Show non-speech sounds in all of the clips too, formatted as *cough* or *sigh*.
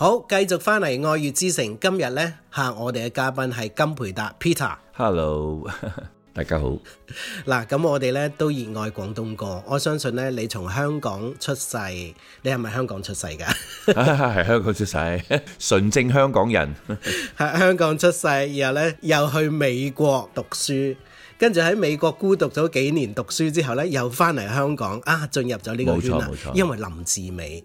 好，繼續翻嚟愛粵之城。今日呢，吓，我哋嘅嘉賓係金培達 Peter。Hello，哈哈大家好。嗱， *laughs* 咁我哋呢都熱愛廣東歌。我相信呢，你從香港出世，你係咪香港出世噶？係、 *laughs* 啊、香港出世，純正香港人。係 *laughs* 香港出世，然後呢又去美國讀書。跟住喺美國孤獨咗幾年讀書之後呢，又返嚟香港啊，進入咗呢個圈啦。因為林志美，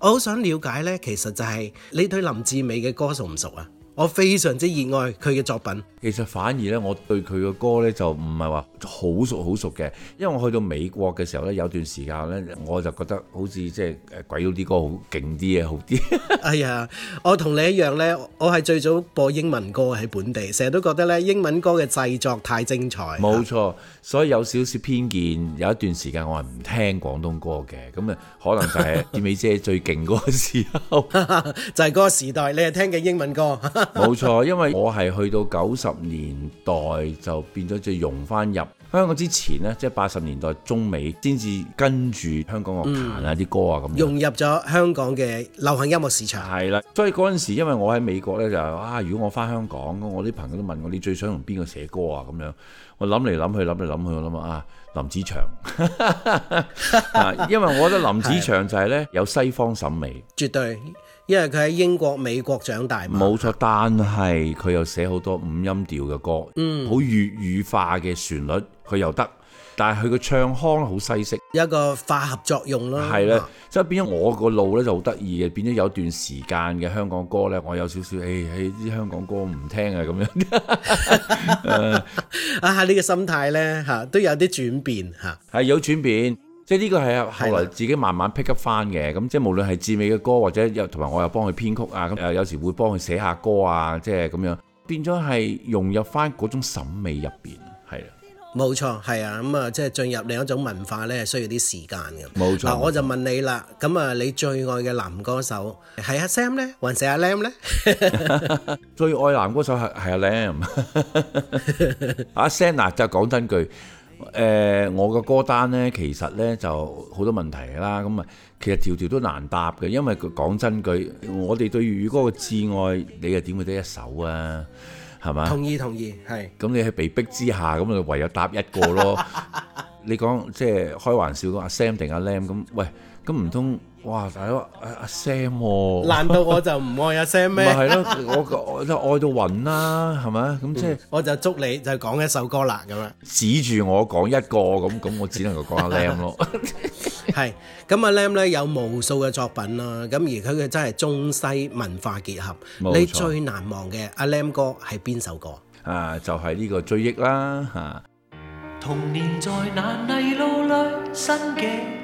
我好想了解呢，其實就係你對林志美嘅歌熟唔熟啊？我非常之熱愛佢嘅作品。其實反而呢，我對佢嘅歌呢就唔係話好熟好熟嘅，因為我去到美國嘅時候呢，有段時間呢，我就覺得好似即係鬼佬啲歌好勁啲嘅，好啲。 *laughs* 哎呀，我同你一樣呢，我係最早播英文歌喺本地，成日都覺得呢英文歌嘅製作太精彩。冇錯，所以有少少偏見，有一段時間我係唔聽廣東歌嘅，咁啊可能就係、是、啲 *laughs* 美姐最勁嗰個時候， *laughs* 就係嗰個時代，你係聽緊英文歌。 *laughs* 冇錯，因為我係去到九十年代就變咗就融翻入香港之前呢，即係八十年代中美先至跟住香港樂壇啊啲歌啊咁、嗯，融入咗香港嘅流行音樂市場。係啦，所以嗰陣時因為我喺美國呢，就啊，如果我翻香港，我啲朋友都問我你最想同邊個寫歌啊咁樣，我諗嚟諗去，諗嚟諗去，我諗啊林子祥， *laughs* *laughs* 因為我覺得林子祥就係呢， *laughs* 有西方審美，絕對。因為佢喺英國、美國長大，冇錯，但係佢又寫好多五音調嘅歌，嗯，好粵語化嘅旋律，佢又得，但係佢個唱腔好西式，一個化合作用咯，係咧，即、啊、係變咗我個腦咧就好得意嘅，變咗有段時間嘅香港歌咧，我有少少，誒、哎、誒，啲、哎、香港歌唔聽啊咁樣 *laughs* 啊，啊，呢、啊呢個心態呢，吓、啊、都有啲轉變，係、啊、有轉變。即係呢個係啊，後來自己慢慢 pick up 翻嘅，咁即係無論係至美嘅歌或者又同埋我又幫佢編曲啊，咁誒有時會幫佢寫下歌啊，即係咁樣變咗係融入翻嗰種審美入邊，係啊，冇錯，係啊，咁啊即係進入另一種文化咧，需要啲時間㗎。冇錯。嗱，我就問你啦，咁啊，你最愛嘅男歌手係阿 Sam 咧，還是阿 Lam 咧？最愛男歌手係係阿 Lam。阿 Sam 嗱，就講真句。誒、呃，我嘅歌單咧，其實咧就好多問題啦。咁啊，其實條條都難答嘅，因為講真句，我哋對粵語歌嘅至愛，你又點會得一首啊？係嘛？同意同意，係。咁你係被逼之下，咁啊唯有答一個咯。 *laughs* 你講即係開玩笑講阿 Sam 定阿 Lam 咁，喂，咁唔通？哇！大佬，阿 Sam，難道我就唔愛阿 Sam 咩？咪係咯，我覺我真係愛到暈啦，係咪啊？咁即係我就祝你就講一首歌啦咁樣。指住我講一個咁，咁我只能夠講阿 Lam 咯。係，咁阿 Lam 咧有無數嘅作品啦，咁而佢嘅真係中西文化結合。冇錯。你最難忘嘅阿 Lam 歌係邊首歌？啊，就係呢個追憶啦嚇。童年在那泥路裡，新嘅。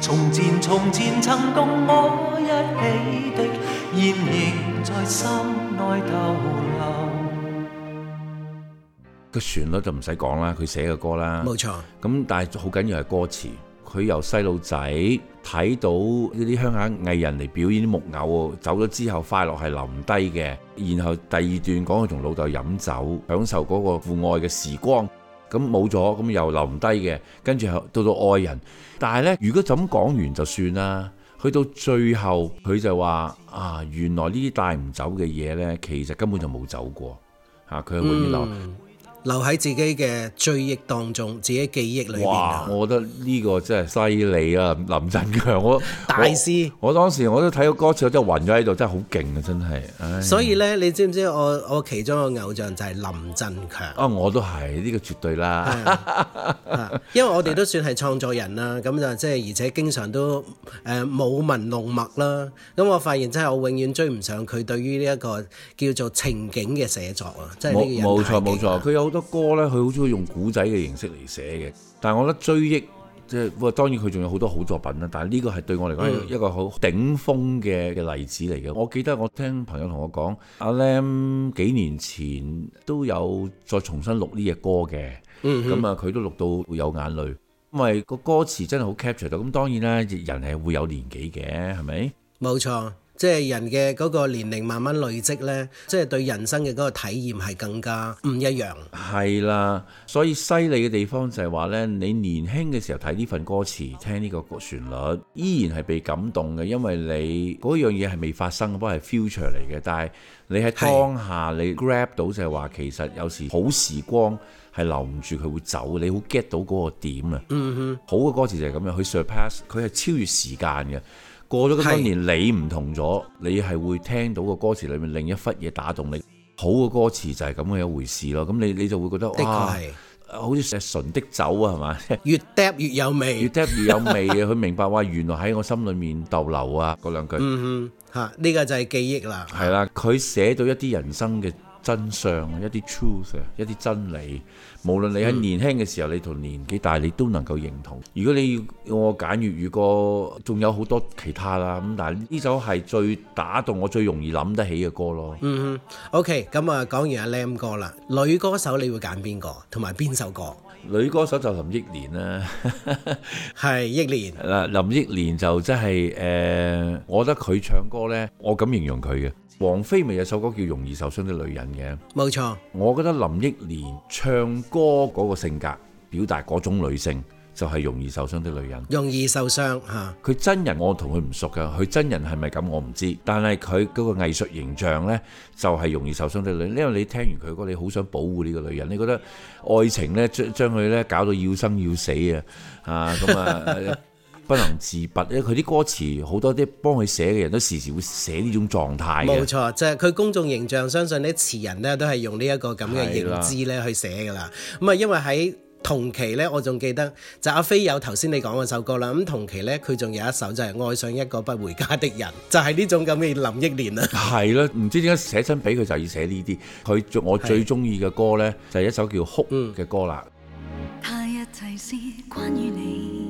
從前，從前曾共我一起的，現仍在心內逗留。個旋律就唔使講啦，佢寫嘅歌啦，冇錯。咁但係好緊要係歌詞，佢由細路仔睇到呢啲鄉下藝人嚟表演木偶，走咗之後快樂係留唔低嘅。然後第二段講佢同老豆飲酒，享受嗰個父愛嘅時光，咁冇咗，咁又留唔低嘅。跟住到咗愛人。但係咧，如果就咁講完就算啦，去到最後佢就話啊，原來呢啲帶唔走嘅嘢呢，其實根本就冇走過嚇，佢會留。嗯留喺自己嘅追憶當中，自己的記憶裏邊。哇！我覺得呢個真係犀利啊，林振強，我大師。我，我當時我都睇到歌詞，我真係暈咗喺度，真係好勁啊！真係，所以咧，你知唔知我我其中一個偶像就係林振強啊，我都係呢個絕對啦。啊啊、因為我哋都算係創作人啦，咁就即係而且經常都誒舞、呃、文弄墨啦。咁我發現真係我永遠追唔上佢對於呢一個叫做情景嘅寫作啊！即係呢個冇錯冇錯，佢有。好多歌呢，佢好中意用古仔嘅形式嚟寫嘅。但係我覺得追憶，即係，哇！當然佢仲有好多好作品啦。但係呢個係對我嚟講一個好頂峰嘅嘅例子嚟嘅。嗯、我記得我聽朋友同我講，阿 l a m 幾年前都有再重新錄呢隻歌嘅。咁、嗯、啊，佢都錄到有眼淚，因為個歌詞真係好 capture 到。咁當然啦，人係會有年紀嘅，係咪？冇錯。即係人嘅嗰個年齡慢慢累積呢，即係對人生嘅嗰個體驗係更加唔一樣。係啦，所以犀利嘅地方就係話呢，你年輕嘅時候睇呢份歌詞，聽呢個旋律，依然係被感動嘅，因為你嗰樣嘢係未發生的，不過係 future 嚟嘅。但係你喺當下，你 grab 到就係話，其實有時好時光係留唔住，佢會走，你好 get 到嗰個點啊！嗯哼，好嘅歌詞就係咁樣，佢 surpass，佢係超越時間嘅。過咗咁多年，你唔同咗，你係會聽到個歌詞裏面另一忽嘢打動你。好嘅歌詞就係咁嘅一回事咯。咁你你就會覺得哇，好似石純的酒啊，係嘛？越滴越有味。越滴越有味啊！佢 *laughs* 明白話，原來喺我心裏面逗留啊，嗰兩句。嗯哼，吓呢、這個就係記憶啦。係啦，佢寫到一啲人生嘅真相，一啲 truth，一啲真理。無論你喺年輕嘅時候，你同年紀大，你都能夠認同。如果你要我揀粵語歌，仲有好多其他啦。咁但係呢首係最打動我，最容易諗得起嘅歌咯。嗯哼，OK，咁啊講完阿 Lam 哥啦，女歌手你會揀邊個同埋邊首歌？女歌手就林憶蓮啦，係憶蓮。嗱，林憶蓮就真係誒，我覺得佢唱歌呢，我咁形容佢嘅。王菲咪有首歌叫《容易受傷的女人》嘅，冇錯。我覺得林憶蓮唱歌嗰個性格，表達嗰種女性就係容易受傷的女人。容易受傷嚇。佢真人我同佢唔熟嘅，佢真人係咪咁我唔知。但係佢嗰個藝術形象呢，就係容易受傷的女人。因為你聽完佢歌，你好想保護呢個女人。你覺得愛情呢，將將佢呢搞到要生要死啊！啊咁啊～ *laughs* 不能自拔咧，佢啲歌詞好多啲幫佢寫嘅人都時時會寫呢種狀態。冇錯，就係佢公眾形象，相信啲詞人呢都係用呢一個咁嘅認知咧去寫噶啦。咁啊，因為喺同期呢，我仲記得就阿飛有頭先你講嗰首歌啦。咁同期呢，佢仲有一首就係《愛上一個不回家的人》，就係呢種咁嘅林憶蓮啦。係咯，唔知點解寫親俾佢就要寫呢啲。佢我最中意嘅歌呢，就係一首叫《哭》嘅歌啦、嗯。他一切是關於你。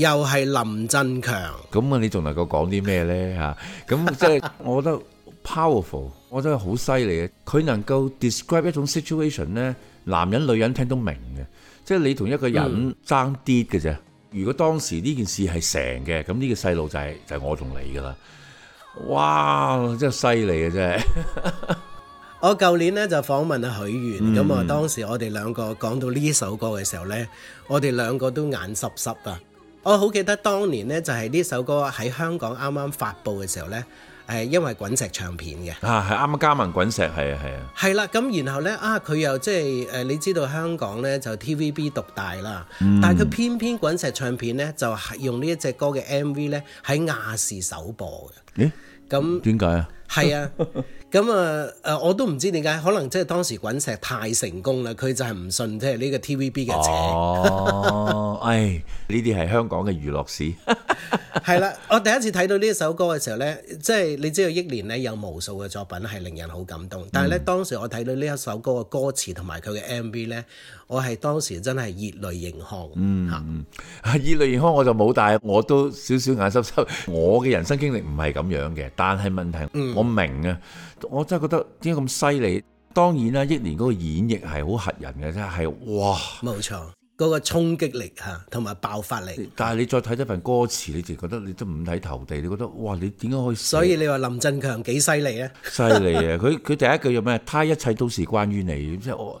又係林振強，咁啊，你仲能夠講啲咩呢？吓 *laughs* 咁即係我覺得 powerful，我覺得真係好犀利嘅。佢能夠 describe 一種 situation 呢，男人女人聽都明嘅。即係你同一個人爭啲嘅啫。如果當時呢件事係成嘅，咁呢個細路仔就係就係我同你噶啦。哇，真係犀利嘅啫！的 *laughs* 我舊年呢就訪問阿許願，咁、嗯、啊，當時我哋兩個講到呢首歌嘅時候呢，我哋兩個都眼濕濕啊。我好記得當年呢，就係呢首歌喺香港啱啱發布嘅時候呢，因為滾石唱片嘅啊，係啱啱加盟滾石，係啊係啊，係啦，咁然後呢，啊，佢又即係你知道香港呢，就 TVB 獨大啦、嗯，但佢偏偏滾石唱片呢，就用呢一隻歌嘅 MV 呢，喺亞視首播嘅，咁點解啊？係啊。 *laughs* 咁、嗯、啊，我都唔知點解，可能即係當時滾石太成功啦，佢就係唔信即係呢個 TVB 嘅邪。 *laughs* 哦，誒呢啲係香港嘅娛樂史。係 *laughs* 啦，我第一次睇到呢一首歌嘅時候呢，即係你知道憶蓮呢有無數嘅作品係令人好感動，但係呢，當時我睇到呢一首歌嘅歌詞同埋佢嘅 MV 呢。我係當時真係熱淚盈眶，嗯嗯，熱淚盈眶我就冇帶，但係我都少少眼濕濕。 *laughs* 我嘅人生經歷唔係咁樣嘅，但係問題、嗯、我明啊，我真係覺得點解咁犀利？當然啦，憶蓮嗰個演繹係好嚇人嘅，真係哇！冇錯，嗰、那個衝擊力嚇，同埋爆發力。嗯、但係你再睇一份歌詞，你就覺得你都五體投地，你覺得哇！你點解可以？所以你話林振強幾犀利咧？犀利啊！佢佢第一句叫咩？他一切都是關於你，即、就、係、是、我。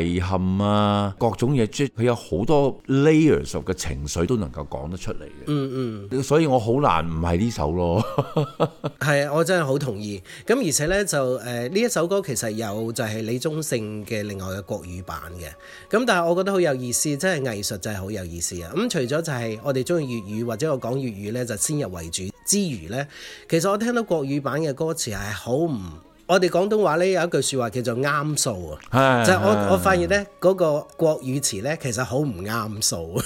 遺憾啊，各種嘢佢有好多 layers 嘅情緒都能夠講得出嚟嘅。嗯嗯，所以我好難唔係呢首咯。係 *laughs* 啊，我真係好同意。咁而且呢，就誒呢、呃、一首歌其實有就係李宗盛嘅另外嘅國語版嘅。咁但係我覺得好有意思，真係藝術就係好有意思啊。咁除咗就係我哋中意粵語或者我講粵語呢，就先入為主之餘呢，其實我聽到國語版嘅歌詞係好唔～我哋廣東話呢，有一句説話叫做啱數啊，就係、係、我的我發現呢嗰、嗰個國語詞呢，其實好唔啱數。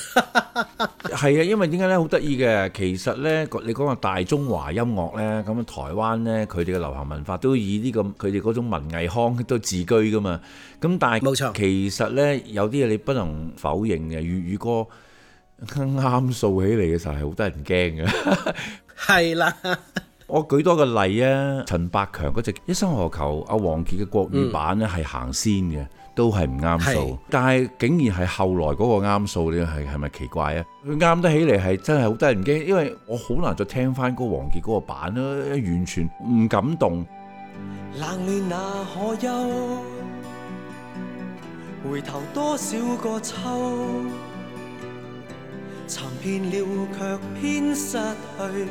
係 *laughs* 啊，因為點解呢？好得意嘅？其實呢，你講個大中華音樂呢，咁台灣呢，佢哋嘅流行文化都以呢、呢個佢哋嗰種文藝腔都自居噶嘛。咁但係冇錯，其實呢，有啲嘢你不能否認嘅，粵語，語歌啱數起嚟嘅時候係好得人驚嘅。係啦。 *laughs* 我舉多個例啊，陳百強嗰隻《一生何求》，阿王傑嘅國語版咧係行先嘅、嗯，都係唔啱數，但係竟然係後來嗰個啱數，你係係咪奇怪啊？佢啱得起嚟係真係好得人驚，因為我好難再聽翻嗰個王傑嗰個版咯，完全唔感動。冷暖那可休，回頭多少個秋，尋遍了卻偏失去。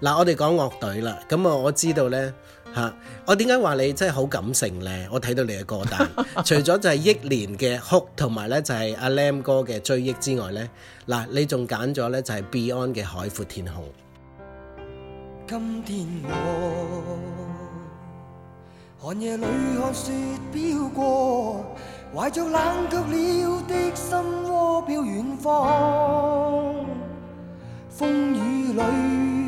嗱，我哋講樂隊啦，咁啊，我知道咧嚇，我點解話你真係好感性咧？我睇到你嘅歌單，除咗就係憶蓮嘅哭，同埋咧就係阿 Lam 哥嘅追憶之外咧，嗱，你仲揀咗咧就係 Beyond 嘅海闊天空。今天我寒夜裡看雪飄過，懷著冷卻了的心窩飄遠方，風雨裡。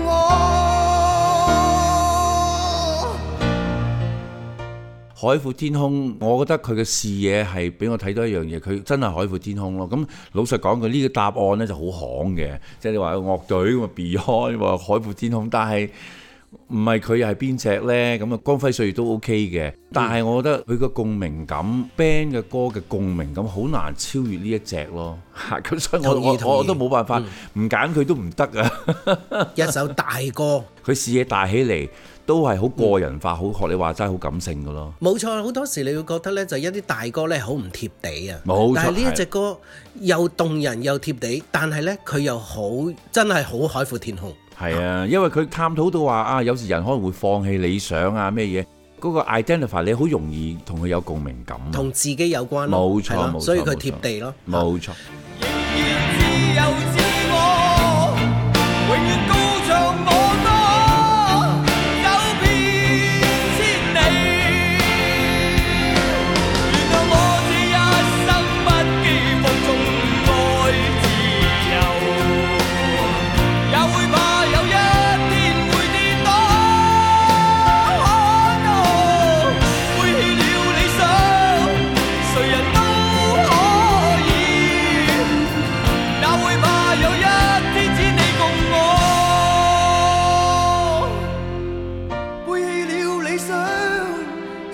海闊天空，我覺得佢嘅視野係俾我睇到一樣嘢，佢真係海闊天空咯。咁老實講，佢呢個答案呢就好行嘅，即係你話樂隊咁啊 Beyond 喎，Beyond，海闊天空。但係唔係佢係邊隻呢？咁啊，光輝歲月都 OK 嘅，但係我覺得佢個共鳴感、嗯、band 嘅歌嘅共鳴感好難超越呢一隻咯。嚇咁，所以我我都冇辦法唔揀佢都唔得啊！ *laughs* 一首大歌，佢視野大起嚟。都係好個人化，好、嗯、學你話齋，好感性嘅咯。冇錯，好多時你會覺得呢，就一啲大歌呢，好唔貼地啊。冇錯。但係呢一隻歌又動人又貼地，但係呢，佢又好真係好海闊天空。係啊，因為佢探討到話啊，有時人可能會放棄理想啊咩嘢，嗰、嗰個 identity 你好容易同佢有共鳴感，啊，同自己有關。冇錯，冇錯，所以佢貼地咯。冇錯。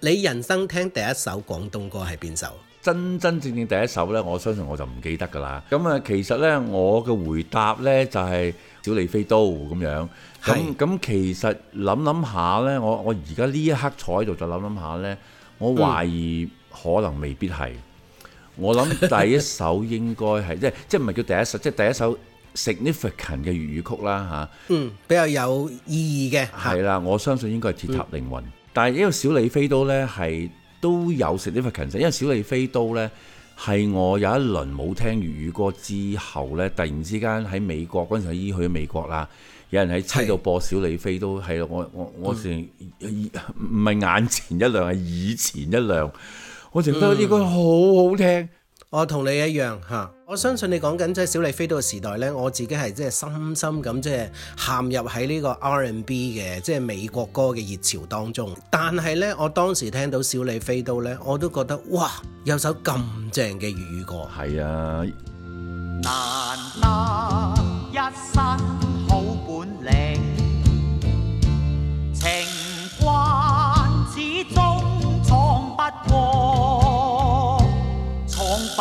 你人生聽第一首廣東歌係邊首？真真正正第一首呢，我相信我就唔記得噶啦。咁啊，其實呢，我嘅回答呢，就係《小李飛刀》咁樣。咁咁，其實諗諗下呢，我我而家呢一刻坐喺度就諗諗下呢，我懷疑可能未必係。嗯。我諗第一首應該係 *laughs* 即係唔係叫第一首，即係第一首 significant 嘅粵語曲啦吓。嗯，比較有意義嘅係啦。我相信應該係《鐵塔凌雲》。嗯。但係呢個小李飛刀呢，係都有 significance，因為小李飛刀呢，係我有一輪冇聽粵語歌之後呢，突然之間喺美國嗰陣時，依去咗美國啦，有人喺車度播小李飛刀，係的我我我成唔係眼前一亮係以前一亮，我成覺得呢個好好聽。我同你一樣吓，我相信你講緊即係小李飛刀嘅時代咧，我自己係即係深深咁即係陷入喺呢個 R&B 嘅即係、就是、美國歌嘅熱潮當中。但係呢，我當時聽到小李飛刀呢，我都覺得哇，有首咁正嘅粵語歌。係啊，難得一身好本領，情關始終闖不過。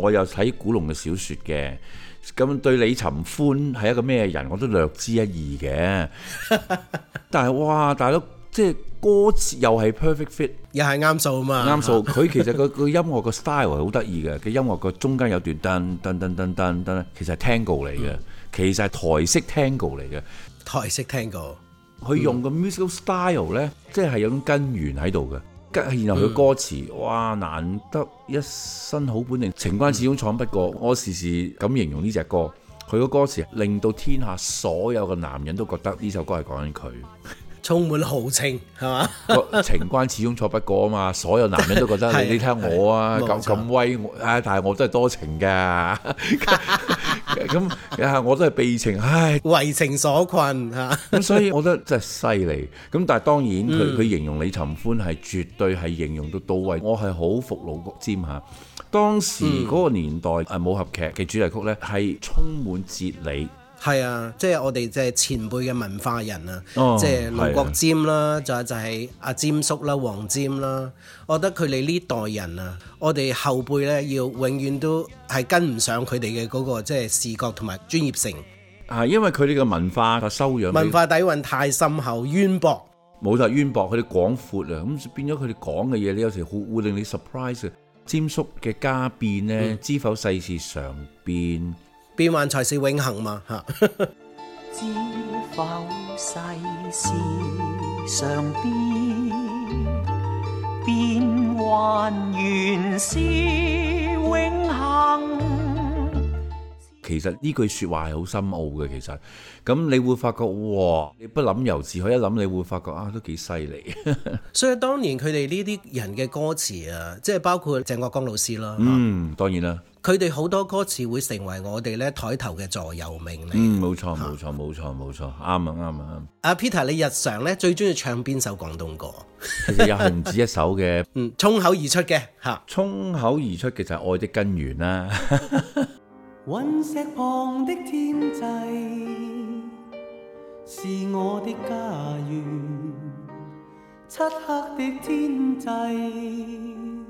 我有睇古龍嘅小說嘅，咁對李尋歡係一個咩人，我都略知一二嘅。 *laughs* 但係哇，大佬，即係歌詞又係 perfect fit，又係啱數啊嘛。啱數，佢其實個音樂個 style 係好得意嘅。佢 *laughs* 音樂個中間有段噔噔噔噔噔，其實係 tango 嚟嘅。嗯，其實係台式 tango 嚟嘅。台式 tango，佢用個 musical style 咧，即係有種根源喺度嘅。吉，然後佢歌詞、嗯，哇，難得一身好本領，情關始終闖不過。我時時咁形容呢隻歌，佢個歌詞令到天下所有嘅男人都覺得呢首歌係講緊佢。充滿豪情，係嘛？ *laughs* 情關始終錯不過啊嘛！所有男人都覺得你， *laughs* 你聽我啊，咁咁威！唉，但係我都係多情嘅，咁我都係被情唉為情所困啊！咁 *laughs* 所以我覺得真係犀利。咁但係當然佢，佢、嗯、佢形容李尋歡係絕對係形容到到位。我係好服老國沾吓、啊，當時嗰個年代、嗯、武俠劇嘅主題曲呢係充滿哲理。係啊，即係我哋即係前輩嘅文化人、哦、啊，即係陸國佔啦，仲有就係阿沾叔啦、黃霑啦，我覺得佢哋呢代人啊，我哋後輩咧要永遠都係跟唔上佢哋嘅嗰個即係視覺同埋專業性。啊，因為佢哋嘅文化啊、修養、文化底蘊太深厚、淵博。冇錯，淵博佢哋廣闊啊，咁變咗佢哋講嘅嘢，你有時會會令你 surprise 嘅。沾叔嘅家變呢，知否世事常變，變幻才是永恆嘛嚇！ *laughs* 知否世事常變，變幻原是永恆。其實呢句説話係好深奧嘅，其實咁你會發覺哇！你不諗由自去一諗，你會發覺啊，都幾犀利。 *laughs* 所以當年佢哋呢啲人嘅歌詞啊，即係包括鄭國江老師啦。嗯，當然啦。佢哋好多歌詞會成為我哋咧台頭嘅座右銘嚟。嗯，冇錯冇錯冇錯冇錯，啱啊啱啊！阿、啊啊啊啊、Peter，你日常咧最中意唱邊首廣東歌？其實又唔止一首嘅。 *laughs* 嗯，衝口而出嘅嚇。衝、啊、口而出嘅就係《愛的根源、啊》啦。 *laughs* 石旁的天際是我的家園，漆黑的天際是我家，漆黑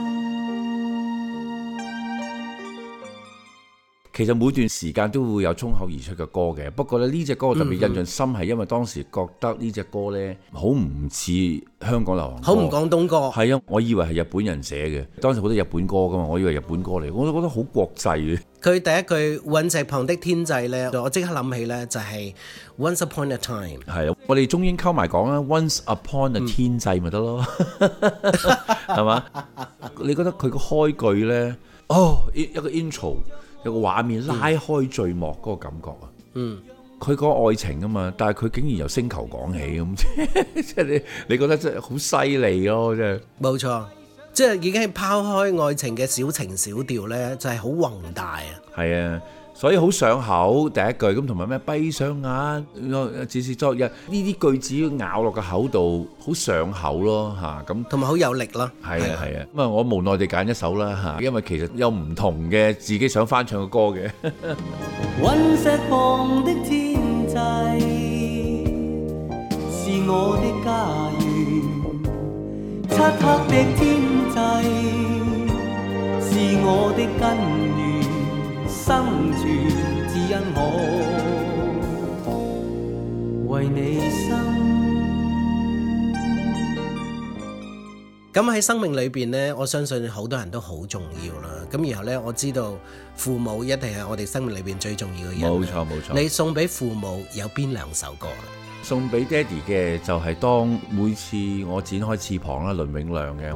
其實每段時間都會有衝口而出嘅歌嘅，不過咧呢隻歌我特別印象深係因為當時覺得呢隻歌呢好唔似香港流行，好唔廣東歌。係啊，我以為係日本人寫嘅，當時好多日本歌噶嘛，我以為日本歌嚟，我都覺得好國際嘅。佢第一句隕石旁的天際呢，我即刻諗起呢就係、是、Once upon a time。係啊，我哋中英溝埋講啊，Once upon a 天際咪得咯，係 *laughs* 嘛？ *laughs* *laughs* 你覺得佢個開句呢？哦，一個 intro。有個畫面拉開序幕嗰個感覺啊，嗯，佢講愛情啊嘛，但係佢竟然由星球講起咁，即係你你覺得真係好犀利咯，真係，冇錯，即係已經係拋開愛情嘅小情小調咧，就係好宏大啊，係啊。所以好上口，第一句咁，同埋咩？閉上眼，只是作一呢啲句子咬落個口度，好上口咯嚇咁。同埋好有力咯。係啊，係啊，咁啊我無奈地揀一首啦嚇，因為其實有唔同嘅自己想翻唱嘅歌嘅。隕石旁的天際是我的家園，漆黑的天際是我的根源。生存只因我為你生。咁喺生命裏邊呢，我相信好多人都好重要啦。咁然後呢，我知道父母一定係我哋生命裏邊最重要嘅人。冇錯，冇錯。你送俾父母有邊兩首歌？送俾爹哋嘅就係當每次我展開翅膀啦，倫永亮嘅。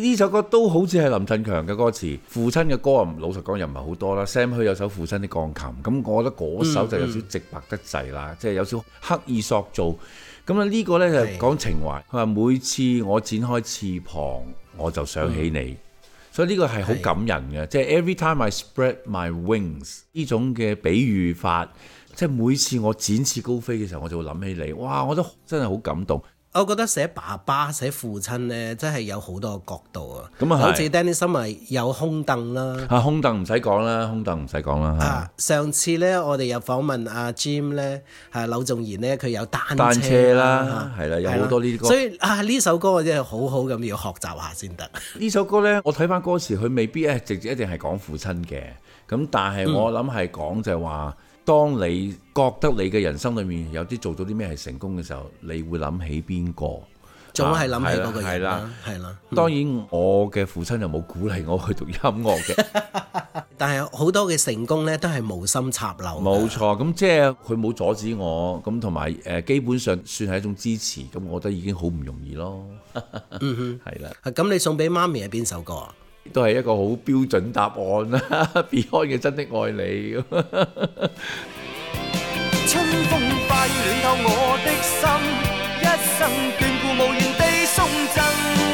呢首歌都好似係林振強嘅歌詞，《父親嘅歌》啊，老實講又唔係好多啦。Sam 去有首《父親的鋼琴》，咁我覺得嗰首就有少直白得滯啦，即、嗯、係、就是、有少刻意塑造。咁啊呢個呢，就講情懷，佢話每次我展開翅膀，我就想起你，嗯、所以呢個係好感人嘅，即係 Every time I spread my wings 呢種嘅比喻法，即、就、係、是、每次我展翅高飛嘅時候，我就會諗起你，哇！我都真係好感動。我覺得寫爸爸寫父親呢，真係有好多個角度啊！咁啊、就是，好似 Danny Summer 啊，有空凳啦空空。啊，空凳唔使講啦，空凳唔使講啦嚇。上次呢，我哋有訪問阿、啊、Jim 呢，係、啊、柳仲賢呢，佢有單車、啊、單車啦，係啦、啊啊，有好多呢啲歌、啊。所以啊，呢首歌我真係好好咁要學習下先得。呢首歌呢，我睇翻歌詞，佢未必咧直接一定係講父親嘅。咁但係我諗係講就係話。嗯當你覺得你嘅人生裏面有啲做咗啲咩係成功嘅時候，你會諗起邊個？仲係諗起嗰個人啦，係啦。當然，嗯、我嘅父親又冇鼓勵我去讀音樂嘅， *laughs* 但係好多嘅成功呢都係無心插柳。冇錯，咁即係佢冇阻止我，咁同埋誒基本上算係一種支持，咁我覺得已經好唔容易咯。 *laughs* 嗯，係啦。咁你送俾媽咪係邊首歌？都係一個好標準答案啦 Beyond 嘅真的愛你春風化雨暖透我的心一生眷顧無言地送贈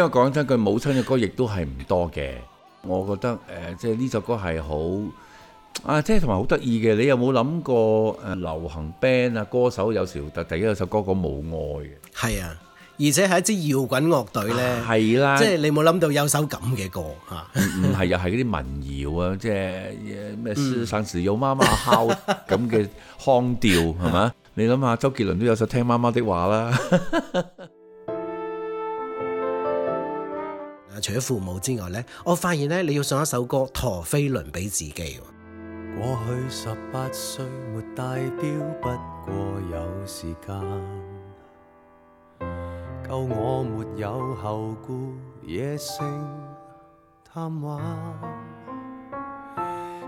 因為講真的，佢母親嘅歌亦都係唔多嘅。我覺得誒、呃，即係呢首歌係好啊，即係同埋好得意嘅。你有冇諗過誒、呃嗯，流行 band 啊，歌手有時特第一首歌講母愛嘅？係啊，而且係一支搖滾樂隊咧，係、啊、啦、啊，即係你冇諗到有首咁嘅歌吓。唔唔係又係嗰啲民謠啊，嗯、些謠即係咩？啊《生、嗯、時有媽媽敲」咁嘅腔調係嘛？ *laughs* 你諗下，周杰倫都有首聽媽媽的話啦。 *laughs* 除咗父母之外咧，我發現咧，你要上一首歌《陀飛輪》俾自己，過去十八歲沒戴錶，不過有時間，夠我沒有後顧，野性貪玩喎。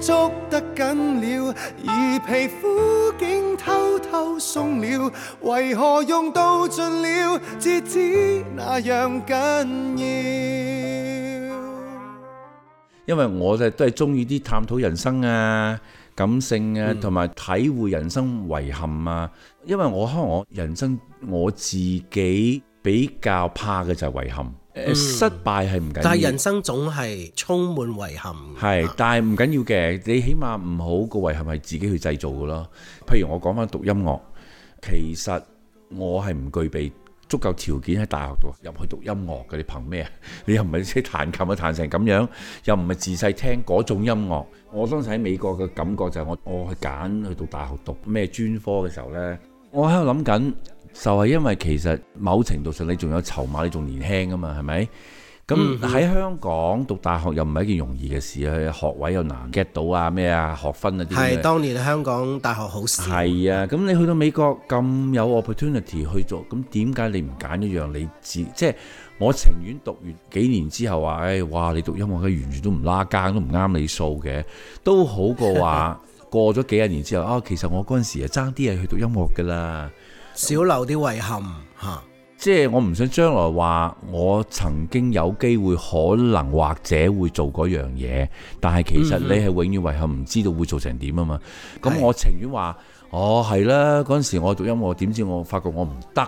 捉得緊了，而皮膚竟偷偷鬆了，為何用到盡了，至知那樣緊要？因為我就都係中意啲探討人生啊、感性啊，同埋體會人生遺憾啊。嗯、因為我可能我人生我自己比較怕嘅就係遺憾。失敗係唔緊要嘅，嗯，但係人生總係充滿遺憾。係，但係唔緊要嘅，你起碼唔好個遺憾係自己去製造噶咯。譬如我講翻讀音樂，其實我係唔具備足夠條件喺大學度入去讀音樂嘅。你憑咩？你又唔係識彈琴啊彈成咁樣，又唔係自細聽嗰種音樂。我當時喺美國嘅感覺就係我，我去揀去讀大學讀咩專科嘅時候呢，我喺度諗緊。就係、是、因為其實某程度上你仲有籌碼，你仲年輕吖嘛，係咪？咁喺香港、嗯、讀大學又唔係一件容易嘅事啊，學位又難 get 到啊，咩啊，學分啊，啲係當年香港大學好少。係啊，咁你去到美國咁有 opportunity 去做，咁點解你唔揀一樣？你自即係我情願讀完幾年之後話，誒、哎，哇，你讀音樂嘅完全都唔拉更，都唔啱你數嘅，都好過話過咗幾廿年之後啊、 *laughs* 哦，其實我嗰陣時啊爭啲係去讀音樂噶啦。少留啲遺憾吓，即係我唔想將來話我曾經有機會可能或者會做嗰樣嘢，但係其實你係永遠遺憾唔知道會做成點啊嘛。嗯，咁我情願話，哦，係啦，嗰陣時我讀音樂，點知我發覺我唔得，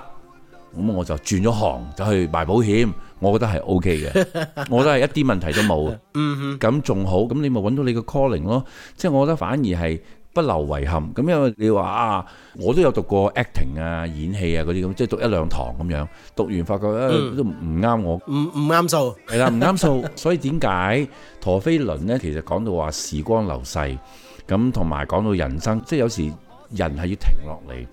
咁我就轉咗行，就去賣保險。我覺得係 O K 嘅， *laughs* 我都係一啲問題都冇。嗯，咁仲好，咁你咪揾到你個 calling 咯。即係我覺得反而係。不留遺憾，咁因為你話啊，我都有讀過 acting 啊、演戲啊嗰啲咁，即係讀一兩堂咁樣，讀完發覺咧、啊嗯、都唔啱我。唔唔啱數，係啦，唔啱數。 *laughs* 所以點解陀飛輪呢？其實講到話時光流逝，咁同埋講到人生，即係有時人係要停落嚟，因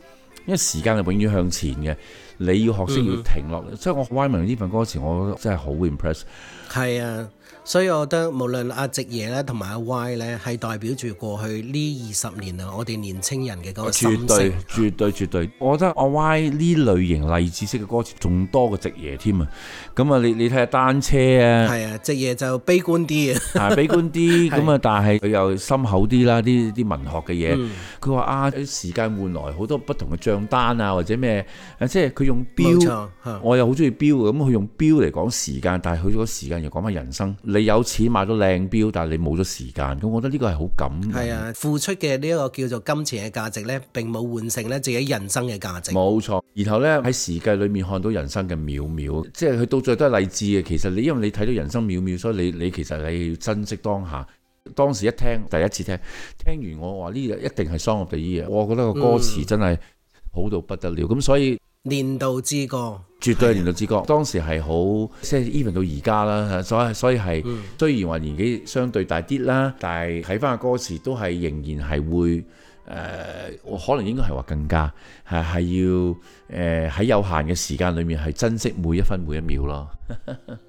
為時間係永遠向前嘅，你要學識要停落嚟、嗯嗯，所以我 Wyman 呢份歌詞，我真係好 impress。係啊。所以，我覺得無論阿夕爺咧同埋阿 Y 咧，係代表住過去呢二十年啊，我哋年青人嘅嗰個心聲。絕對，絕對，絕對。我覺得阿、啊、Y 呢類型勵志式嘅歌詞仲多過夕爺添啊。咁啊，你你睇下單車啊。係啊，夕爺就悲觀啲啊。係悲觀啲，咁 *laughs* 啊，但係佢又深厚啲啦，啲啲文學嘅嘢。佢、嗯、話啊，啲時間換來好多不同嘅帳單啊，或者咩？誒，即係佢用錶，我又好中意錶嘅。咁佢用錶嚟講時間，但係佢嗰時間又講翻人生。你有錢買到靚表，但係你冇咗時間，咁我覺得呢個係好感人。係啊，付出嘅呢一個叫做金錢嘅價值呢，並冇換成呢自己人生嘅價值。冇錯，然後呢，喺時計裏面看到人生嘅渺渺，即係佢到最後都係勵志嘅。其實你因為你睇到人生渺渺，所以你你其實你要珍惜當下。當時一聽第一次聽，聽完我話呢個一定係桑德伊嘅，我覺得個歌詞、嗯、真係好到不得了。咁所以。年度之歌，絕對係年度之歌。是當時係好，即係 even 到而家啦。所所以係、嗯，雖然話年紀相對大啲啦，但係睇翻個歌詞都係仍然係會誒，呃、可能應該係話更加係係、呃、要誒喺、呃、有限嘅時間裏面係珍惜每一分每一秒咯。 *laughs*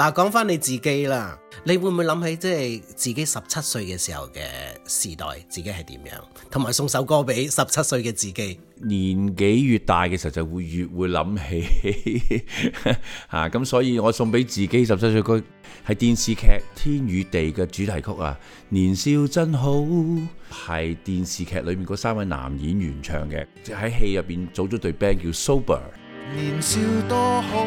嗱，講翻你自己啦，你會唔會諗起即係自己十七歲嘅時候嘅時代，自己係點樣？同埋送首歌俾十七歲嘅自己。年紀越大嘅時候就會越會諗起 *laughs* 啊，咁所以我送俾自己十七歲嘅歌係電視劇《天與地》嘅主題曲啊，年少真好係電視劇裏面嗰三位男演員唱嘅，即喺戲入邊組咗對 band 叫 Sober。年少多好。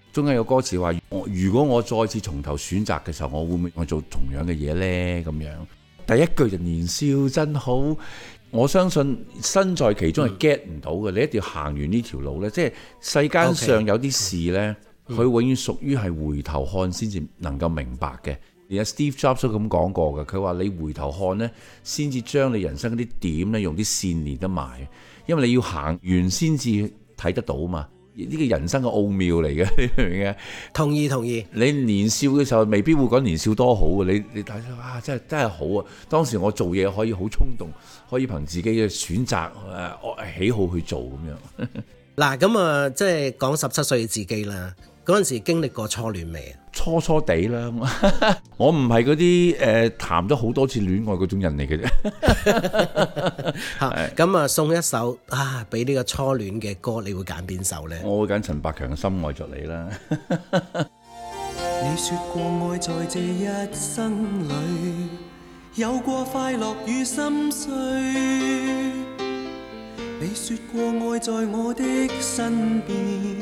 中間有歌詞話：我如果我再次從頭選擇嘅時候，我會唔會做同樣嘅嘢呢？」咁樣第一句就年少真好，我相信身在其中係 get 唔到嘅。嗯、你一定要行完呢條路呢，即係世間上有啲事呢，佢、okay, okay, okay。永遠屬於係回頭看先至能夠明白嘅。而、嗯、阿 Steve Jobs 都咁講過嘅，佢話你回頭看呢，先至將你人生嗰啲點呢，用啲線連得埋，因為你要行完先至睇得到嘛。呢個人生嘅奧妙嚟嘅，你明唔明啊？同意同意。你年少嘅時候未必會講年少多好啊！你你睇下啊，真係真係好啊！當時我做嘢可以好衝動，可以憑自己嘅選擇誒喜好去做咁樣。嗱，咁啊，即係講十七歲嘅自己啦。嗰陣時經歷過初戀未啊？初初地啦， *laughs* 我唔係嗰啲誒談咗好多次戀愛嗰種人嚟嘅啫。咁啊，這送一首啊，俾呢個初戀嘅歌，你會揀邊首呢？我會揀陳百強《深愛着你》啦。你説過愛在這一生裏，有過快樂與心碎。你説過愛在我的身邊。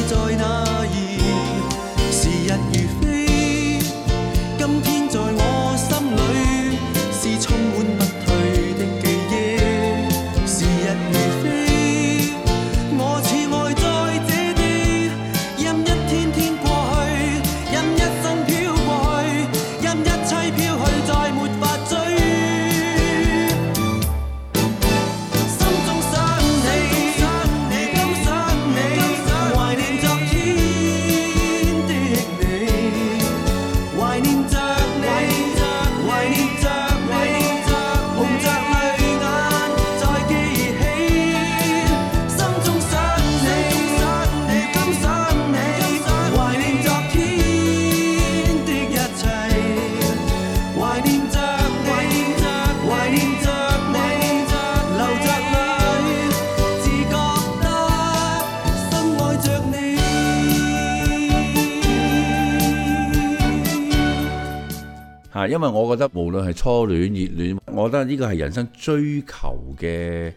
因為我覺得無論係初戀、熱戀，我覺得呢個係人生追求嘅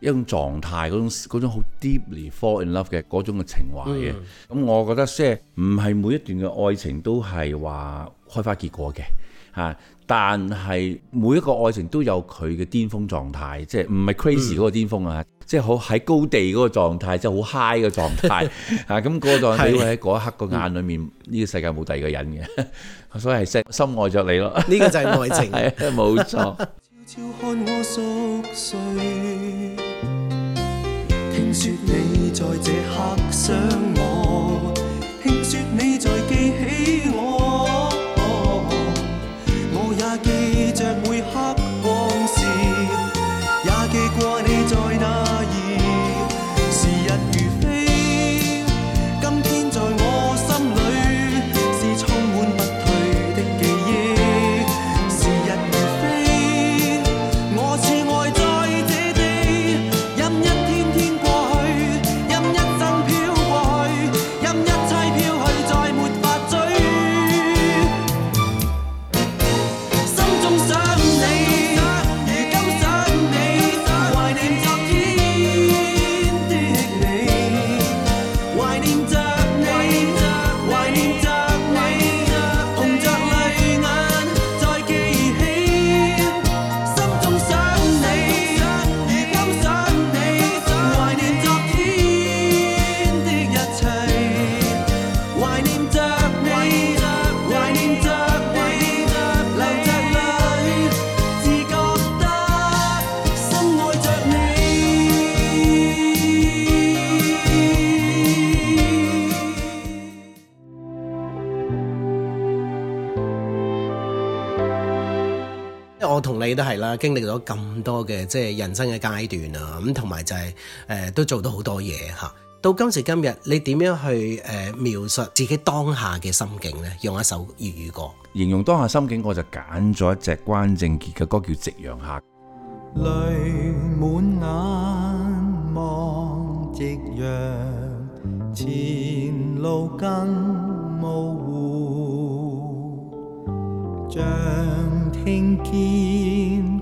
一種狀態，嗰種嗰種好 deeply fall in love 嘅嗰種嘅情懷嘅。咁、mm -hmm. 我覺得即係唔係每一段嘅愛情都係話開花結果嘅，嚇。但係每一個愛情都有佢嘅巔峰狀態，即係唔係 crazy 嗰個巔峯啊。即係好喺高地嗰個狀態，即係好嗨 i 嘅狀態嚇。咁 *laughs* 嗰、啊那個狀態會喺嗰一刻個眼裏面，呢、這個世界冇第二個人嘅， *laughs* 所以係識深愛著你咯。呢、這個就係愛情，係 *laughs* 啊，冇錯。 *laughs* 朝朝看我經歷咗咁多嘅即係人生嘅階段啊，咁同埋就係、是、誒、呃、都做到好多嘢嚇。到今時今日，你點樣去誒描述自己當下嘅心境咧？用一首粵語，語歌形容當下心境，我就揀咗一隻關正傑嘅歌，叫《夕陽下》。淚滿眼望夕陽，前路更模糊，像聽見。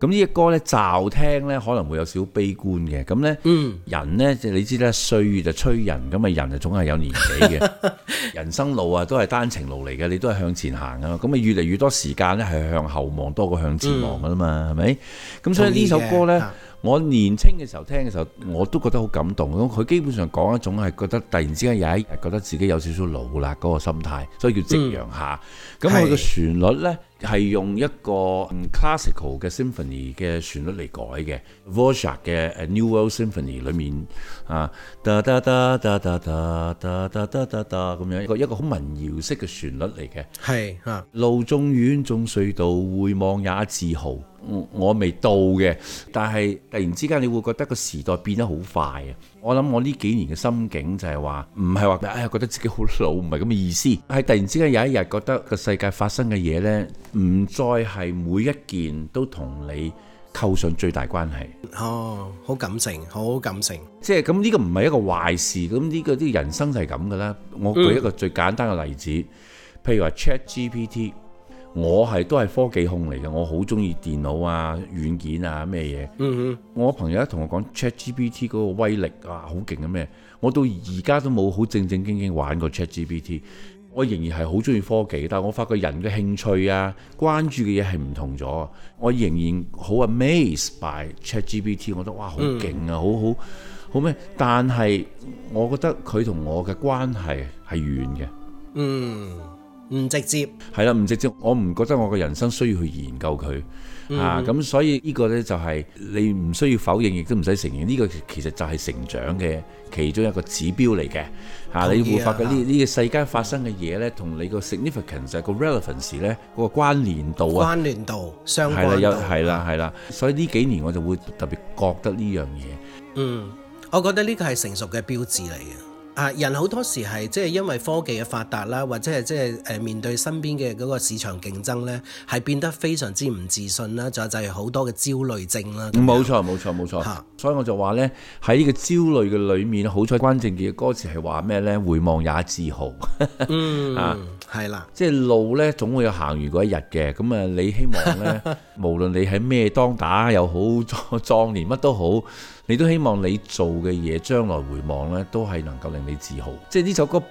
咁呢隻歌咧，驟聽咧可能會有少少悲觀嘅。咁、嗯、咧，人咧你知咧，歲月就催人，咁啊人就總係有年紀嘅。 *laughs* 人生路啊，都係單程路嚟嘅，你都係向前行啊。咁啊，越嚟越多時間咧係向後望多過向前望噶啦嘛，係、嗯、咪？咁、嗯、所以呢首歌咧。我年輕嘅時候聽嘅時候，我都覺得好感動。咁佢基本上講一種係覺得突然之間又係覺得自己有少少老啦嗰、嗰個心態，所以叫夕陽下。咁佢嘅旋律呢，係用一個 classical 嘅 symphony 嘅旋律嚟改嘅，Worshard、嗯、嘅 New World Symphony 裏面啊，噠噠噠噠噠噠噠噠噠噠咁樣一個一個好民謠式嘅旋律嚟嘅。係、啊、路縱遠縱隧道，回望也自豪。我未到嘅，但係突然之間，你會覺得個時代變得好快啊！我諗我呢幾年嘅心境就係話，唔係話哎呀覺得自己好老，唔係咁嘅意思，係突然之間有一日覺得個世界發生嘅嘢呢，唔再係每一件都同你構上最大關係。哦，好感性，好感性。即係咁呢個唔係一個壞事，咁呢個啲人生就係咁噶啦。我舉一個最簡單嘅例子，mm. 譬如話 ChatGPT。我係都係科技控嚟嘅，我好中意電腦啊、軟件啊咩嘢、嗯。我朋友同我講 ChatGPT 嗰個威力啊，好勁嘅咩？我到而家都冇好正正經經玩過 ChatGPT，我仍然係好中意科技。但係我發覺人嘅興趣啊、關注嘅嘢係唔同咗。我仍然好 amazed by ChatGPT，我覺得哇，好勁啊，嗯、好好好咩？但係我覺得佢同我嘅關係係遠嘅。嗯。唔直接，係啦、啊，唔直接，我唔覺得我嘅人生需要去研究佢、嗯、啊，咁所以呢個呢，就係你唔需要否認，亦都唔使承認，呢、這個其實就係成長嘅其中一個指標嚟嘅。嚇、啊，你會發覺呢呢、啊這個世間發生嘅嘢呢，同你 significance,、嗯、個 significance 個 relevance 咧、那個關聯度啊，關聯度相關度，係啦係啦係啦，所以呢幾年我就會特別覺得呢樣嘢。嗯，我覺得呢個係成熟嘅標誌嚟嘅。人好多時係即係因為科技嘅發達啦，或者係即係誒面對身邊嘅嗰個市場競爭呢，係變得非常之唔自信啦，仲有就係好多嘅焦慮症啦。冇錯，冇錯，冇錯。所以我就話呢，喺呢個焦慮嘅裏面，好彩關正傑嘅歌詞係話咩呢？「回望也自豪」。 *laughs* 嗯。係啦，即係路咧，總會有行完嗰一日嘅。咁啊，你希望咧， *laughs* 無論你喺咩當打又好，壯壯年乜都好，你都希望你做嘅嘢，將來回望咧，都係能夠令你自豪。即係呢首歌。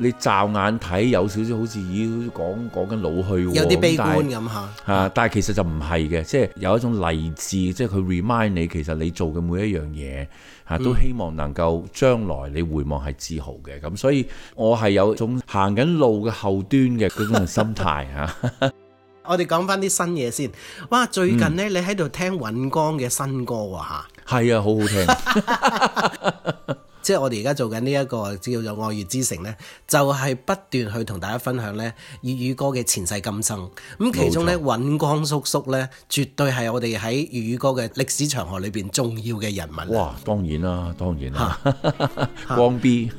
你驟眼睇有少少好似已經，講講緊老去喎，有啲悲觀咁嚇。嚇，但係其實就唔係嘅，即係有一種勵志，即係佢 remind 你，其實你做嘅每一樣嘢嚇，都希望能夠將來你回望係自豪嘅。咁所以，我係有種行緊路嘅後端嘅嗰種心態嚇。 *laughs* *laughs* 我哋講翻啲新嘢先。哇，最近呢，你喺度聽尹光嘅新歌喎嚇。係、嗯、啊，好好聽。 *laughs* *laughs* 即係我哋而家做緊呢一個叫做愛粵之城呢，就係、是、不斷去同大家分享呢粵語歌嘅前世今生。咁其中呢，尹光叔叔呢，絕對係我哋喺粵語歌嘅歷史長河裏面重要嘅人物。哇！當然啦，當然、啊 *laughs* 啊、 *laughs* 對啦。光 B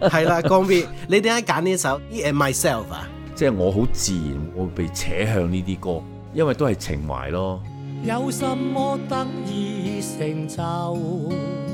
係啦，光 *laughs* B，你點解揀呢首《Dear Myself》啊？即係我好自然會被扯向呢啲歌，因為都係情懷咯。有什麼得意成就？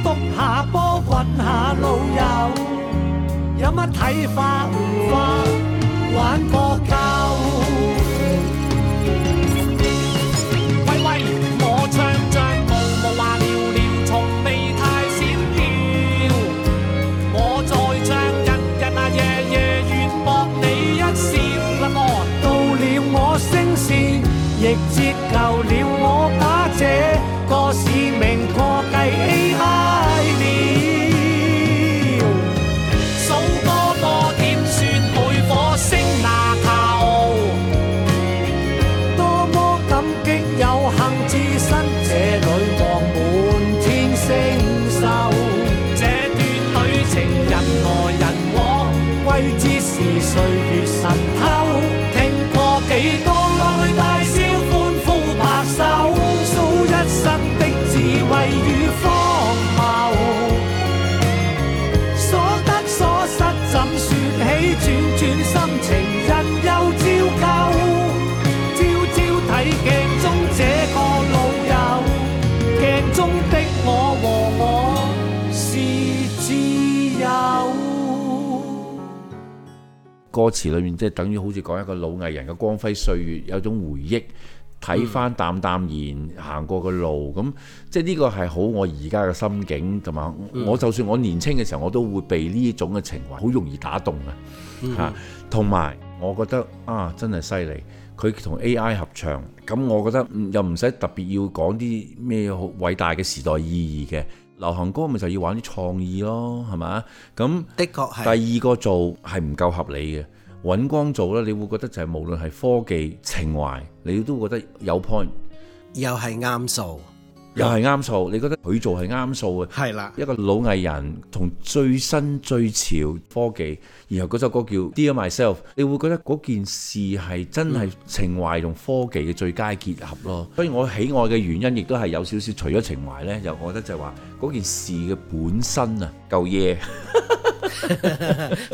下波滾下路友，有乜睇法唔化，玩個夠。喂喂，我唱着無無話聊，聊聊，從未太閃耀。我在唱日日啊夜夜，願望你一笑、嗯嗯。到了我聲線，亦折舊了我打，我把這個使命過繼。歌詞裏面即係等於好似講一個老藝人嘅光輝歲月，有種回憶，睇翻淡淡然行過嘅路，咁、嗯、即係呢個係好我而家嘅心境同埋，我就算我年輕嘅時候，我都會被呢種嘅情懷好容易打動、嗯、啊嚇，同埋我覺得啊真係犀利，佢同 AI 合唱，咁我覺得又唔使特別要講啲咩好偉大嘅時代意義嘅。流行歌咪就要玩啲創意咯，係嘛？咁，的確係。第二個做係唔夠合理嘅，尹光做咧，你會覺得就係無論係科技、情懷，你都會覺得有 point，又係啱數。又係啱數，你覺得佢做係啱數嘅，係啦。一個老藝人同最新最潮科技，然後嗰首歌叫《Dear Myself》，你會覺得嗰件事係真係情懷同科技嘅最佳結合咯、嗯。所以我喜愛嘅原因亦都係有少少，除咗情懷呢，又覺得就係話嗰件事嘅本身啊，夠嘢，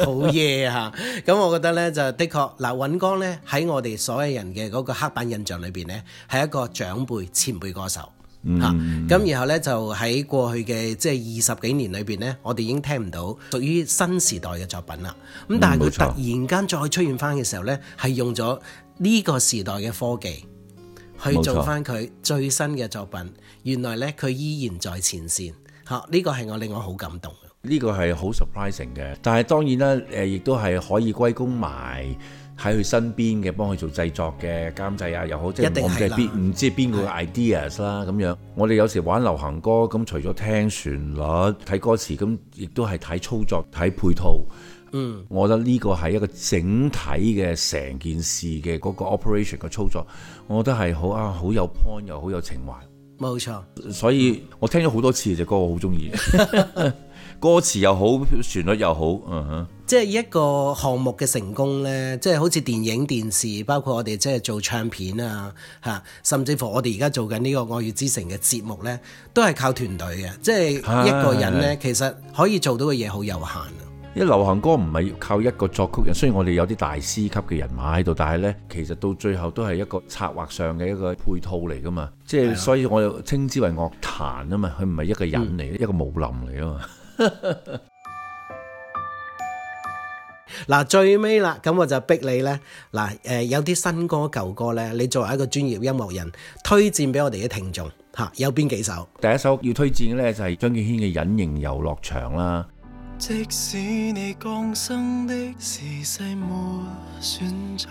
好嘢啊。咁我覺得呢，就的確嗱，尹光呢，喺我哋所有人嘅嗰個刻板印象裏面呢，係一個長輩前輩歌手。咁、嗯、然後呢，就喺過去嘅即係二十幾年裏邊呢，我哋已經聽唔到屬於新時代嘅作品啦。咁但係佢突然間再出現翻嘅時候呢，係、嗯、用咗呢個時代嘅科技去做翻佢最新嘅作品。原來呢，佢依然在前線。嚇！呢個係我令我好感動。呢、呢個係好 surprising 嘅，但係當然啦，誒亦都係可以歸功埋。喺佢身邊嘅幫佢做製作嘅監製啊，又好即係唔知邊唔知邊個 ideas 啦咁樣。我哋有時玩流行歌，咁除咗聽旋律、睇歌詞，咁亦都係睇操作、睇配套。嗯，我覺得呢個係一個整體嘅成件事嘅嗰個 operation 嘅操作，我覺得係好啊，好有 point 又好有情懷。冇錯，所以我聽咗好多次隻歌，我好中意。 *laughs* 歌詞又好，旋律又好，嗯、uh-huh. 即係一個項目嘅成功呢，即係好似電影、電視，包括我哋即係做唱片啊，嚇，甚至乎我哋而家做緊、這、呢個愛粵之城嘅節目呢，都係靠團隊嘅。即係一個人呢，其實可以做到嘅嘢好有限啊。流、哎、行歌唔係要靠一個作曲人，雖然我哋有啲大師級嘅人馬喺度，但係呢，其實到最後都係一個策劃上嘅一個配套嚟噶嘛。即係、哎、所以我又稱之為樂壇啊嘛，佢唔係一個人嚟、嗯，一個武林嚟啊嘛。 *laughs* 嗱，最尾啦，咁我就逼你咧，嗱，誒有啲新歌舊歌咧，你作為一個專業音樂人推薦俾我哋嘅聽眾吓，有邊幾首？第一首要推薦嘅咧就係張敬軒嘅《隱形遊樂場》啦。即使你降生的時世沒選擇，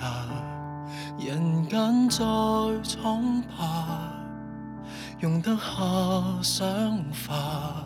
人間再蒼白，容得下想法。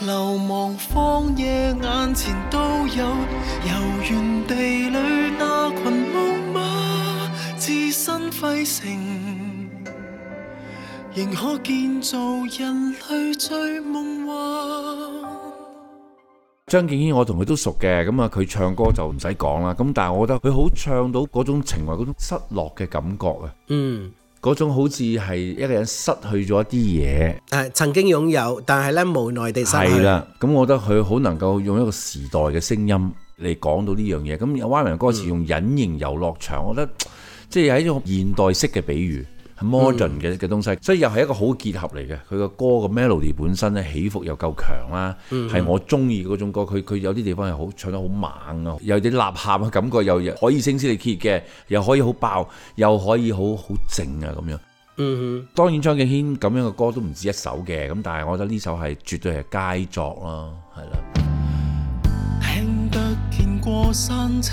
流亡荒野眼前都有，遊園地裡那群木馬，置身廢城，仍可建造人類最夢幻。張敬軒我同佢都熟嘅，咁啊佢唱歌就唔使講啦。咁但係我覺得佢好唱到嗰種情懷、嗰種失落嘅感覺啊。嗯。嗰種好似係一個人失去咗一啲嘢、啊，曾經擁有，但係呢無奈地失去。係啦，咁我覺得佢好能夠用一個時代嘅聲音嚟講到呢樣嘢。咁 Wyman 歌詞用隱形遊樂場，嗯、我覺得即係喺一種現代式嘅比喻。modern 嘅嘅東西，嗯，所以又係一個好結合嚟嘅。佢個歌個 melody 本身咧起伏又夠強啦，係、嗯、我中意嗰種歌。佢佢有啲地方係好唱得好猛啊，有啲立喊嘅感覺，又可以聲嘶力竭嘅，又可以好爆，又可以好好靜啊咁樣。嗯，當然張敬軒咁樣嘅歌都唔止一首嘅，咁但係我覺得呢首係絕對係佳作咯，係啦。聽得見過山車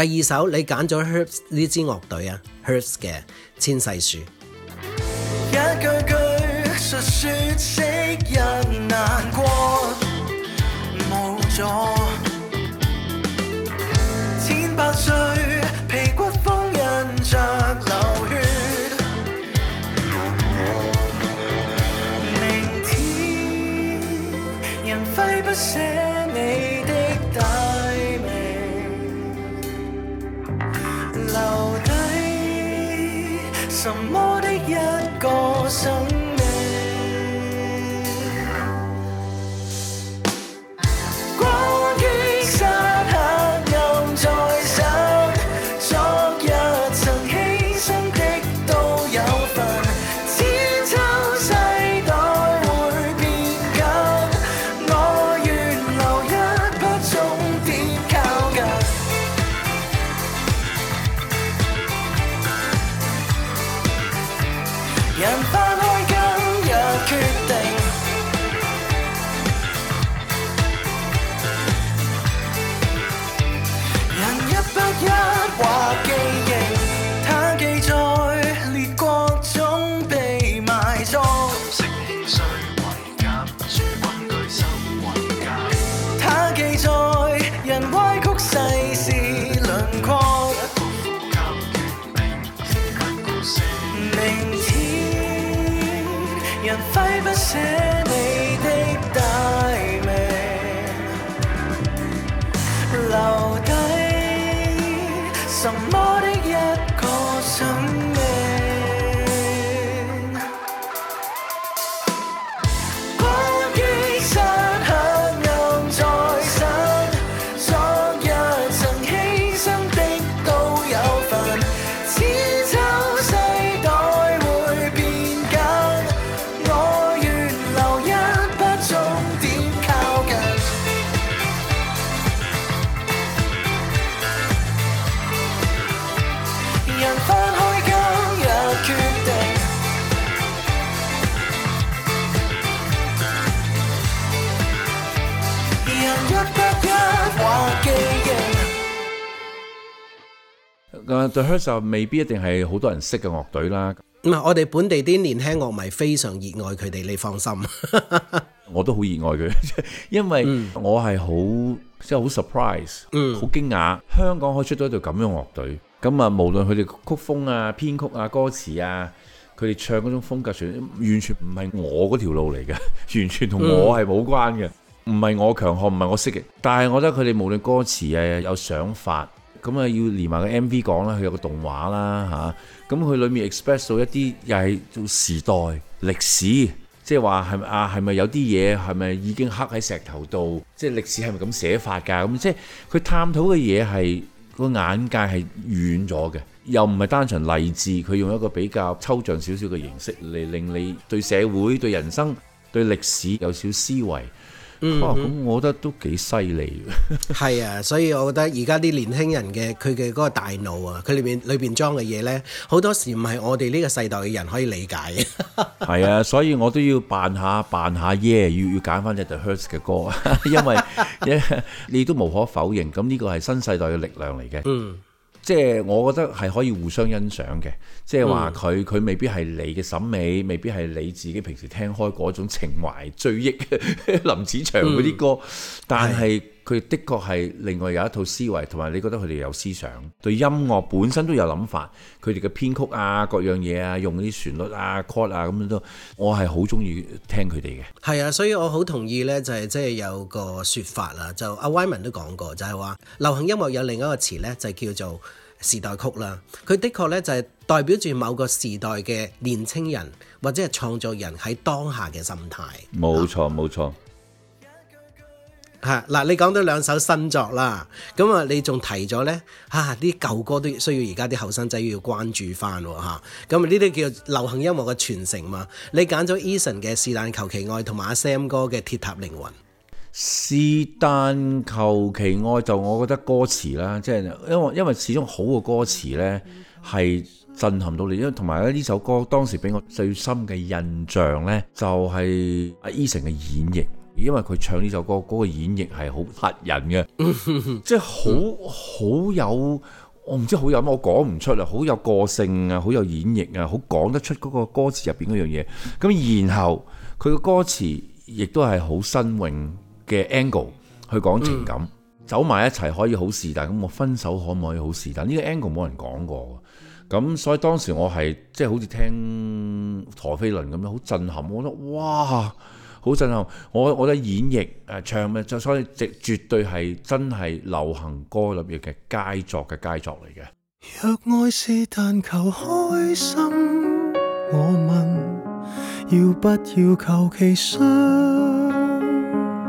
第二首你揀咗 Hertz 呢支樂隊啊，Hertz 嘅《千世書》。對 The Hertz 未必一定係好多人識嘅樂隊啦。唔係，我哋本地啲年輕樂迷非常熱愛佢哋，你放心。 *laughs* 我都好熱愛佢，因為我係好即係好 surprise，好驚訝香港可以出到一隊咁樣樂隊。咁啊，無論佢哋曲風啊、編曲啊、歌詞啊，佢哋唱嗰種風格，完全唔係我嗰條路嚟嘅，完全同我係冇關嘅。唔係我強項，唔係我識嘅。但係我覺得佢哋無論歌詞誒、啊、有想法。咁啊，要連埋個 MV 講啦，佢有個動畫啦嚇，咁佢裏面 express 到一啲又係做時代歷史，即係話係啊，係咪有啲嘢係咪已經刻喺石頭度？即係歷史係咪咁寫法㗎？咁即係佢探討嘅嘢係個眼界係遠咗嘅，又唔係單純勵志，佢用一個比較抽象少少嘅形式嚟令你對社會、對人生、對歷史有少思維。嗯嗯哇！咁我覺得都幾犀利嘅，係啊！所以我覺得而家啲年輕人嘅佢嘅嗰個大腦啊，佢裏邊裏邊裝嘅嘢呢，好多時唔係我哋呢個世代嘅人可以理解嘅。係啊，所以我都要扮下扮下耶、yeah，要要揀翻隻 The Hertz 嘅歌，因為 *laughs* *laughs* 你都無可否認，咁呢個係新世代嘅力量嚟嘅。嗯。即係我覺得係可以互相欣賞嘅，即係話佢佢未必係你嘅審美，嗯、未必係你自己平時聽開嗰種情懷追憶的林子祥嗰啲歌，嗯、但係佢的確係另外有一套思維，同埋你覺得佢哋有思想，對音樂本身都有諗法，佢哋嘅編曲啊、各樣嘢啊、用嗰啲旋律啊、c 啊咁樣都，我係好中意聽佢哋嘅。係啊，所以我好同意呢，就係即係有個説法啦，就阿 Wyman 都講過，就係、係、話流行音樂有另一個詞呢，就係叫做。時代曲啦，佢的確咧就係代表住某個時代嘅年輕人或者係創作人喺當下嘅心態。冇錯，冇、啊、錯。嚇、啊、嗱，你講到兩首新作啦，咁啊，你仲提咗呢，啊，啲舊歌都需要而家啲後生仔要關注翻嚇，咁啊呢啲叫流行音樂嘅傳承嘛。你揀咗 Eason 嘅《是但求其愛》同埋阿 Sam 哥嘅《鐵塔凌雲》。是但求其愛。就我覺得歌詞啦，即係因為因為始終好嘅歌詞呢係震撼到你。因為同埋呢首歌當時俾我最深嘅印象呢，就係阿 Eason 嘅演繹，因為佢唱呢首歌嗰個演繹係好嚇人嘅，即係好好有我唔知好有乜，我講唔出啊！好有個性啊，好有演繹啊，好講得出嗰個歌詞入邊嗰樣嘢。咁然後佢嘅歌詞亦都係好新穎。嘅 angle 去講情感，嗯、走埋一齊可以好是但，咁我分手可唔可以好是但？呢個 angle 冇人講過，㗎，咁所以當時我係即係好似聽陀飛輪咁樣好震撼，我覺得哇好震撼！我我覺得演繹誒、呃、唱咩就所以直、呃、絕對係真係流行歌入面嘅佳作嘅佳作嚟嘅。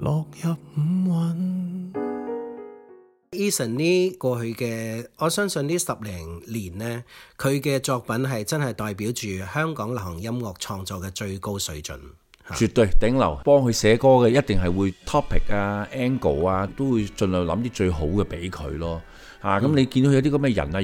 落入五蘊。Eason 呢過去嘅，我相信呢十零年呢，佢嘅作品係真係代表住香港流行音樂創作嘅最高水準，絕對頂流。幫佢寫歌嘅一定係會 topic 啊，angle 啊，都會盡量諗啲最好嘅俾佢咯。嗯、啊，咁你見到有啲咁嘅人啊，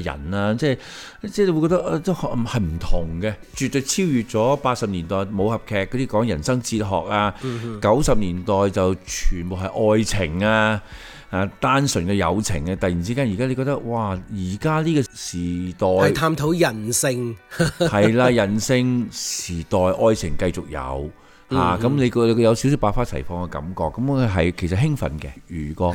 人、就、啊、是，即係即係會覺得啊，都係唔同嘅，絕對超越咗八十年代武俠劇嗰啲講人生哲學啊，九、嗯、十年代就全部係愛情啊，啊，單純嘅友情嘅、啊，突然之間而家你覺得哇，而家呢個時代係探討人性，係 *laughs* 啦，人性時代，愛情繼續有啊，咁你覺得有少少百花齊放嘅感覺，咁佢係其實興奮嘅，如果。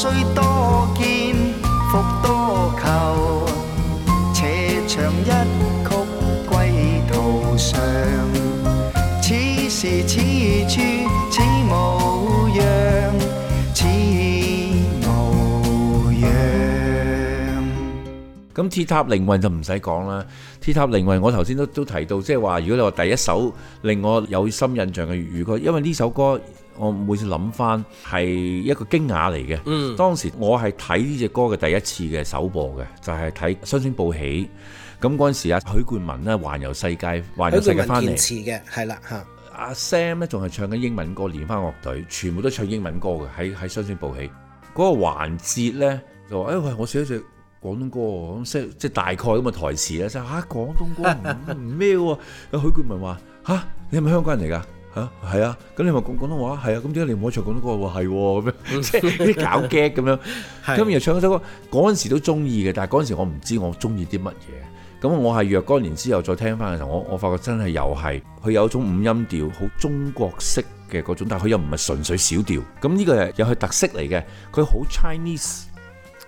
須多見，復多求。且唱一曲歸途上，此時此處此模樣，此模樣。咁鐵塔凌雲就唔使講啦。鐵塔凌雲我頭先都都提到，即係話，如果你話第一首令我有深印象嘅粵語歌，因為呢首歌。我每次諗翻係一個驚訝嚟嘅、嗯，當時我係睇呢隻歌嘅第一次嘅首播嘅，就係、是、睇《雙星報喜》。咁嗰陣時啊，許冠文咧環遊世界，環遊世界翻嚟。許冠文填詞嘅，係啦嚇。阿、啊、Sam 咧仲係唱緊英文歌，連翻樂隊全部都唱英文歌嘅，喺喺《在雙星報喜》嗰、那個環節咧就話，哎喂，我寫咗隻廣東歌，咁即係即係大概咁嘅台詞咧，就嚇、啊、廣東歌唔唔咩嘅喎。許冠文話：嚇、啊，你係咪香港人嚟㗎？嚇，係啊！咁、啊、你咪講廣東話係啊！咁點解你唔可以唱廣東歌喎？係咁樣即係搞 gag 咁樣。咁然後唱首歌，嗰陣時都中意嘅，但係嗰陣時我唔知我中意啲乜嘢。咁我係若干年之後再聽翻嘅時候，我我發覺真係又係佢有一種五音調好、嗯、中國式嘅嗰種，但係佢又唔係純粹小調。咁呢個又又係特色嚟嘅。佢好 Chinese，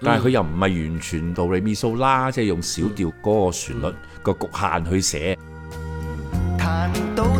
但係佢又唔係完全哆唻咪嗦啦，即係用小調嗰旋律個局限去寫。嗯嗯嗯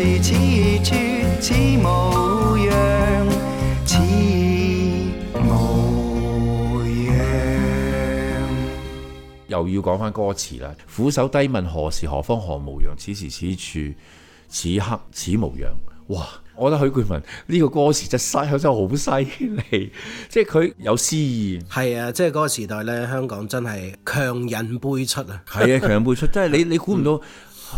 似此處，似模樣，似模樣。又要講翻歌詞啦，俯首低問何時何方何模樣？此時此處此刻此模樣。哇，我覺得許冠文呢、這個歌詞真口真係好犀利，即係佢有詩意。係啊，即係嗰個時代咧，香港真係強人輩出 *laughs* 啊。係啊，強人輩出，即係你你估唔到、嗯。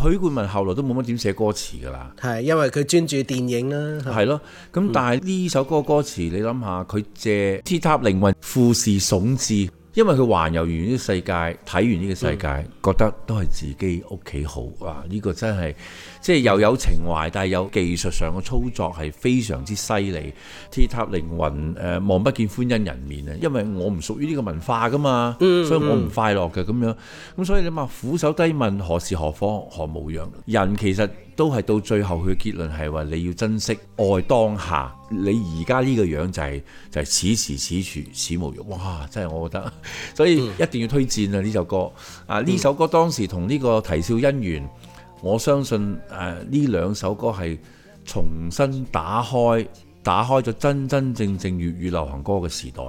許冠文後來都冇乜點寫歌詞㗎啦，係因為佢專注電影啦。係咯，咁但係呢首歌歌詞，你諗下佢借《鐵塔凌雲》富士聳峙》，因為佢環遊完呢個世界，睇完呢個世界。嗯覺得都係自己屋企好啊！呢、這個真係即係又有情懷，但係有技術上嘅操作係非常之犀利。鐵塔凌雲，誒、呃，望不見歡欣人面啊！因為我唔屬於呢個文化噶嘛、嗯，所以我唔快樂嘅咁、嗯、樣。咁所以你諗下，俯首低問何時何方何模樣？人其實都係到最後，佢結論係話你要珍惜愛當下，你而家呢個樣子就係、是、就係、是、此時此處此模樣。哇！真係我覺得，所以一定要推薦啊呢、嗯、首歌啊呢首。嗯首歌當時同呢個啼笑姻緣，我相信誒呢兩首歌係重新打開，打開咗真真正正粵語流行歌嘅時代。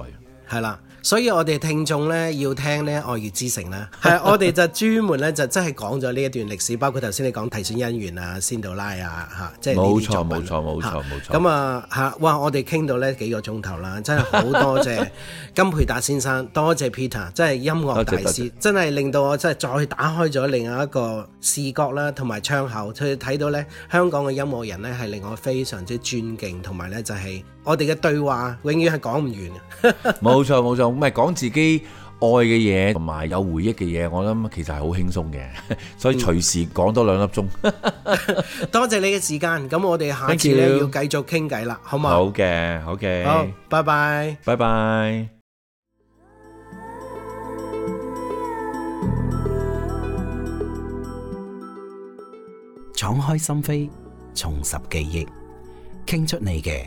係啦。所以我哋聽眾呢，要聽呢愛月之城啦，我哋就專門呢，就真係講咗呢一段歷史， *laughs* 包括頭先你講提線姻緣啊、仙到拉啊，即係冇錯冇錯冇錯冇錯。咁啊，啊、嗯、啊，啊，啊哇！我哋傾到呢幾個鐘頭啦， *laughs* 真係好多謝金培達先生，多 *laughs* 謝，謝 Peter，真係音樂大師，謝謝，真係令到我真係再打開咗另一個視角啦，同埋窗口去睇到呢香港嘅音樂人呢，係令我非常之尊敬，同埋呢就係、是。我哋嘅對話永遠係講唔完。冇錯冇錯，唔係講自己愛嘅嘢同埋有回憶嘅嘢，我諗其實係好輕鬆嘅，所以隨時講多兩粒鐘。多謝你嘅時間，咁我哋下次咧要繼續傾偈啦，好嘛？好嘅，好嘅，拜拜，拜拜。敞開心扉，重拾記憶，傾出你嘅